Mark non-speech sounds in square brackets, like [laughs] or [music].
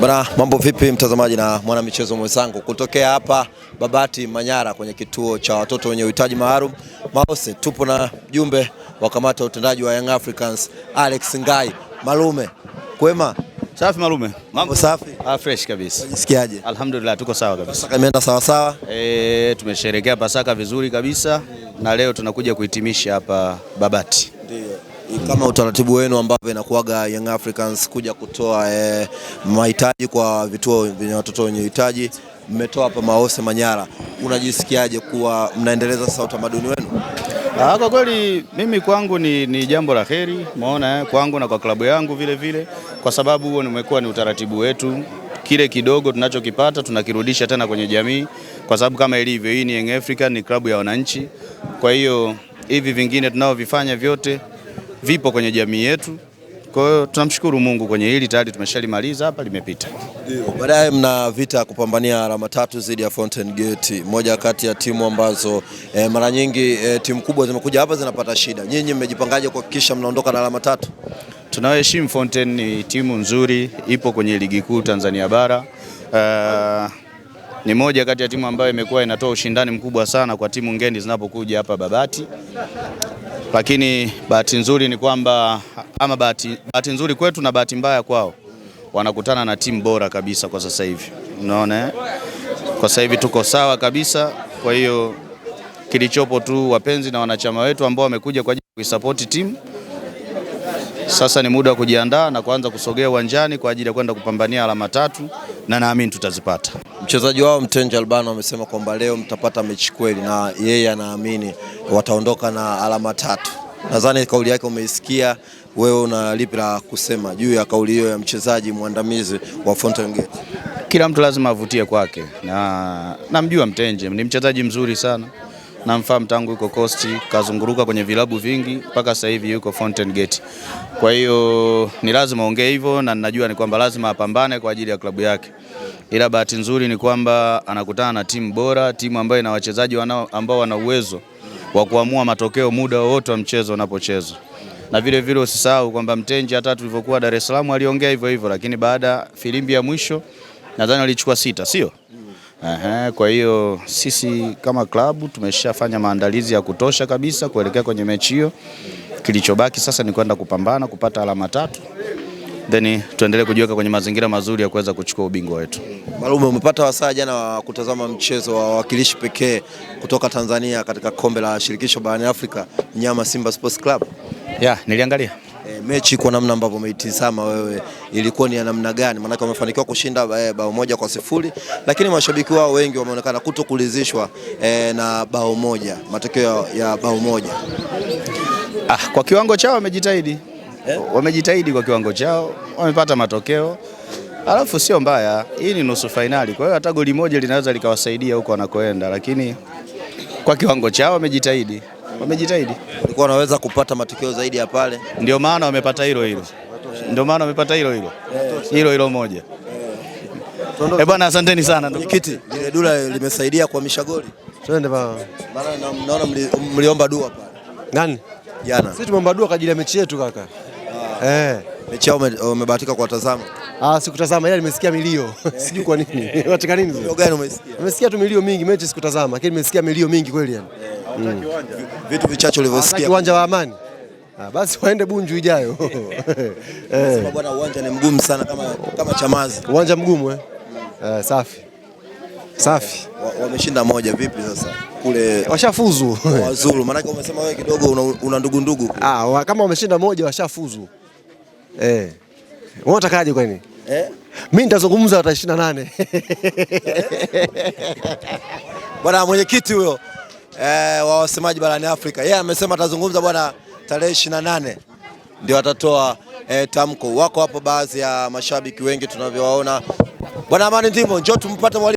Bana, mambo vipi mtazamaji na mwanamichezo mwenzangu kutokea hapa Babati Manyara kwenye kituo cha watoto wenye uhitaji maalum Maose, tupo na jumbe wa kamati ya utendaji wa Young Africans Alex Ngai. Malume, kwema? Safi malume. Mambo safi? Ah, fresh kabisa. Unajisikiaje? Alhamdulillah tuko sawa kabisa. Pasaka imeenda sawa sawa? Eh, tumesherehekea Pasaka vizuri kabisa na leo tunakuja kuhitimisha hapa Babati kama utaratibu wenu ambavyo inakuwaga Young Africans kuja kutoa eh, mahitaji kwa vituo vyenye watoto wenye uhitaji, mmetoa hapa Maose Manyara, unajisikiaje kuwa mnaendeleza sasa utamaduni wenu? Ah, kwa kweli mimi kwangu ni, ni jambo la heri maona eh, kwangu na kwa klabu yangu vile vile, kwa sababu huo umekuwa ni utaratibu wetu kile kidogo tunachokipata tunakirudisha tena kwenye jamii, kwa sababu kama ilivyo hii ni Young African, ni klabu ya wananchi. Kwa hiyo hivi vingine tunaovifanya vyote vipo kwenye jamii yetu. Kwa hiyo tunamshukuru Mungu kwenye hili tayari tumeshalimaliza hapa, limepita. Baadaye mna vita ya kupambania alama tatu dhidi ya Fountain Gate, moja kati ya timu ambazo e, mara nyingi e, timu kubwa zimekuja hapa zinapata shida. Nyinyi mmejipangaje kuhakikisha mnaondoka na alama tatu? Tunaheshimu Fountain, ni timu nzuri, ipo kwenye ligi kuu Tanzania bara. Uh, ni moja kati ya timu ambayo imekuwa inatoa ushindani mkubwa sana kwa timu ngeni zinapokuja hapa Babati lakini bahati nzuri ni kwamba ama bahati, bahati nzuri kwetu na bahati mbaya kwao, wanakutana na timu bora kabisa kwa sasa hivi. Unaona, kwa sasa hivi tuko sawa kabisa. Kwa hiyo kilichopo tu wapenzi na wanachama wetu ambao wamekuja kwa ajili ya kuisapoti timu, sasa ni muda wa kujiandaa na kuanza kusogea uwanjani kwa ajili ya kwenda kupambania alama tatu, na naamini tutazipata. Mchezaji wao Mtenja Albano amesema kwamba leo mtapata mechi kweli, na yeye anaamini wataondoka na alama tatu. Nadhani kauli yake umeisikia wewe, una lipi la kusema juu ya kauli hiyo ya mchezaji mwandamizi wa Fountain Gate? Kila mtu lazima avutie kwake, na namjua Mtenje ni mchezaji mzuri sana namfahamu tangu yuko Coast, kazunguruka kwenye vilabu vingi mpaka sasa hivi yuko Fountain Gate. Kwa hiyo ni lazima ongee hivyo, na ninajua ni kwamba lazima apambane kwa ajili ya klabu yake, ila bahati nzuri ni kwamba anakutana na timu bora, timu ambayo ina wachezaji ambao wana uwezo wa kuamua matokeo muda wote wa mchezo unapochezwa na vile vile usisahau kwamba Mtenji hata tulivyokuwa Dar es Salaam aliongea hivyo hivyo, lakini baada filimbi ya mwisho nadhani alichukua sita, sio? Aha, kwa hiyo sisi kama klabu tumeshafanya maandalizi ya kutosha kabisa kuelekea kwenye mechi hiyo. Kilichobaki sasa ni kwenda kupambana kupata alama tatu, then tuendelee kujiweka kwenye mazingira mazuri ya kuweza kuchukua ubingwa wetu. Malume, umepata wasaa jana wa kutazama mchezo wa wawakilishi pekee kutoka Tanzania katika kombe la shirikisho barani Afrika, Nyama Simba Sports Club. Ya, niliangalia mechi kwa namna ambavyo umeitizama wewe ilikuwa ni ya namna gani? Maanake wamefanikiwa kushinda eh, bao moja kwa sifuri, lakini mashabiki wao wengi wameonekana kutokulizishwa e, na bao moja, matokeo ya bao moja. Ah, kwa kiwango chao wamejitahidi eh? Wamejitahidi kwa kiwango chao, wamepata matokeo alafu sio mbaya. Hii ni nusu fainali, kwa hiyo hata goli moja linaweza likawasaidia huko wanakoenda, lakini kwa kiwango chao wamejitahidi wamejitahidi, walikuwa wanaweza kupata matokeo zaidi ya pale, ndio maana wamepata hilo hilo, ndio maana wamepata hilo hilo hilo hilo moja. Eh bwana, asanteni sana ndugu kiti. Ile dula limesaidia kuhamisha goli, twende baba. Maana naona mliomba dua pale nani jana? Sisi tumeomba dua kwa ajili ya mechi yetu kaka. Ah. Eh, mechi yao umebahatika kuwatazama? Ah, sikutazama ila nimesikia milio [laughs] sijui kwa nini. Watika nini? Milio gani umesikia? Nimesikia tu milio mingi, mechi sikutazama, lakini nimesikia milio mingi kweli yani. Eh mm. vitu vichache ulivyosikia uwanja wa Amani. Ah, basi waende Bunju ijayo. [laughs] Eh. bwana, uwanja ni mgumu sana kama, kama Chamazi. Uwanja mgumu eh? Uh, safi safi. Eh, wameshinda wa moja vipi sasa? Kule washafuzu [laughs] wazuru, maanake umesema wewe kidogo una, una ndugu ndugu. Ah, wa, kama wameshinda moja washafuzu eh. Unatakaje kwani? Eh? Mimi nitazungumza watashinda nane. [laughs] Bwana mwenyekiti huyo eh, wa wasemaji barani Afrika. Yeye yeah, amesema atazungumza bwana tarehe 28 ndio atatoa eh, tamko. Wako hapo baadhi ya mashabiki wengi tunavyowaona. Bwana Amani Ndimbo, njoo tumpate mwalimu.